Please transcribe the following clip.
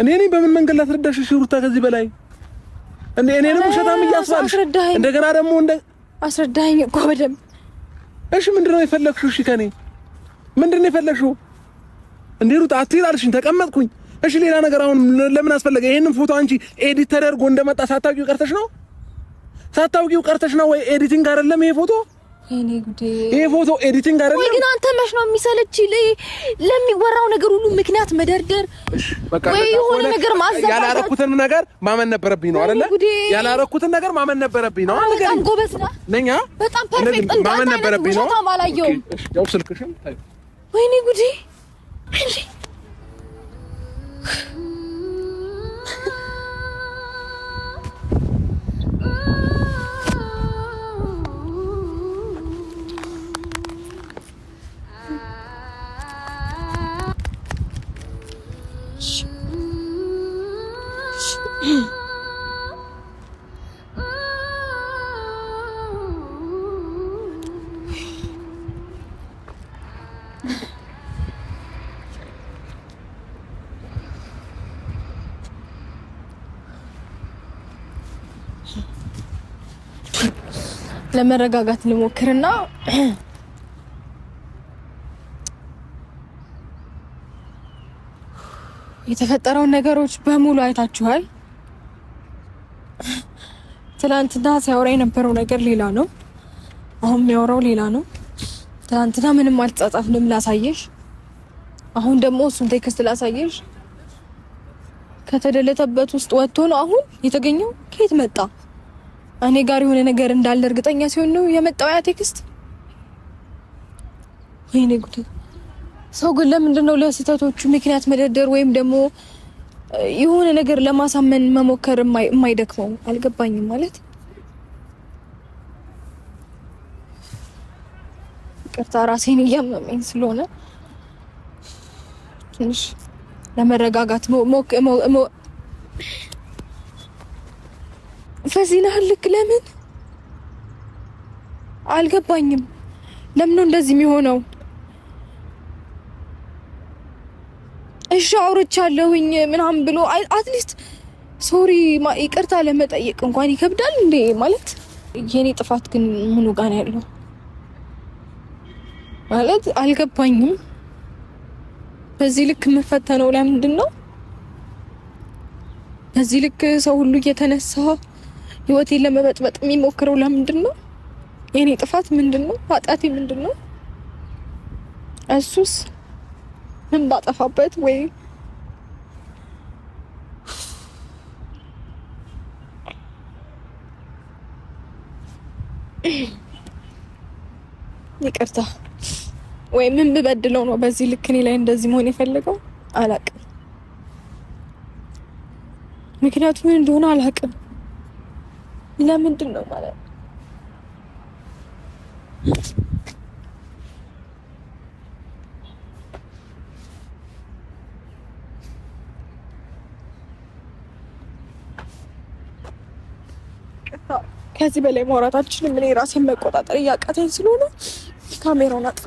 እኔ እኔ በምን መንገድ ላስረዳሽ? እሺ ሩታ፣ ከዚህ በላይ እኔ እኔንም ሸታም እያስባልሽ እንደገና ደግሞ እንደ አስረዳኝ እኮ በደምብ። እሺ ምንድነው የፈለግሽው? እሺ ከኔ ምንድነው የፈለግሽው? እንዴ ሩታ አትይል አልሽኝ፣ ተቀመጥኩኝ። እሺ ሌላ ነገር አሁን ለምን አስፈለገ? ይሄንን ፎቶ አንቺ ኤዲት ተደርጎ እንደመጣ ሳታውቂው ቀርተሽ ነው? ሳታውቂው ቀርተሽ ነው ወይ? ኤዲቲንግ አይደለም ይሄ ፎቶ ይሄ ፎቶ ኤዲቲንግ አይደለም ወይ? ግን አንተ መች ነው የሚሰለች ለሚወራው ነገር ሁሉ ምክንያት መደርደር ወይ የሆነ ነገር ማዘባበት። ያላረኩትን ነገር ማመን ነበረብኝ ነው አይደለ? ያላረኩትን ነገር ማመን ነበረብኝ ነው። አንተ። በጣም ጎበዝ ነኝ፣ በጣም ፐርፌክት ማመን ነበረብኝ ነው። አላየሁም። ያው ስልክሽን ታዩ። ወይኔ ጉዴ! ለመረጋጋት ልሞክርና የተፈጠረውን ነገሮች በሙሉ አይታችኋል። ትላንትና ሲያወራ የነበረው ነገር ሌላ ነው። አሁን የሚያወራው ሌላ ነው። ትላንትና ምንም አልጻጻፍንም ላሳየሽ። አሁን ደግሞ እሱን ቴክስት ላሳየሽ። ከተደለተበት ውስጥ ወጥቶ ነው አሁን የተገኘው። ከየት መጣ? እኔ ጋር የሆነ ነገር እንዳለ እርግጠኛ ሲሆን ነው የመጣው ያ ቴክስት። ወይኔ ጉድ! ሰው ግን ለምንድን ነው ለስህተቶቹ ምክንያት መደርደር ወይም ደግሞ የሆነ ነገር ለማሳመን መሞከር የማይደክመው አልገባኝም። ማለት ቅርታ ራሴን እያመመኝ ስለሆነ ትንሽ ለመረጋጋት ፈዚና ልክ ለምን አልገባኝም። ለምን እንደዚህ የሚሆነው? እሺ አውርቻለሁኝ ምናምን ብሎ አትሊስት ሶሪ ይቅርታ ለመጠየቅ እንኳን ይከብዳል እንዴ? ማለት የኔ ጥፋት ግን ምኑ ጋን ነው ያለው? ማለት አልገባኝም። በዚህ ልክ የምፈተነው ለምንድን ነው? በዚህ ልክ ሰው ሁሉ እየተነሳ ህይወቴን ለመበጥበጥ የሚሞክረው ለምንድን ነው? የኔ ጥፋት ምንድን ነው? ኃጢአቴ ምንድን ነው? እሱስ ምን ባጠፋበት ወይ ይቅርታ ወይ ምን ብበድለው ነው በዚህ ልክ እኔ ላይ እንደዚህ መሆን የፈለገው አላቅም። ምክንያቱ ምን እንደሆነ አላቅም። ለምንድን ነው ማለት ነው ከዚህ በላይ ማውራታችን እኔ ራሴን መቆጣጠር እያቃተኝ ስለሆነ ካሜራውን አጥፋ።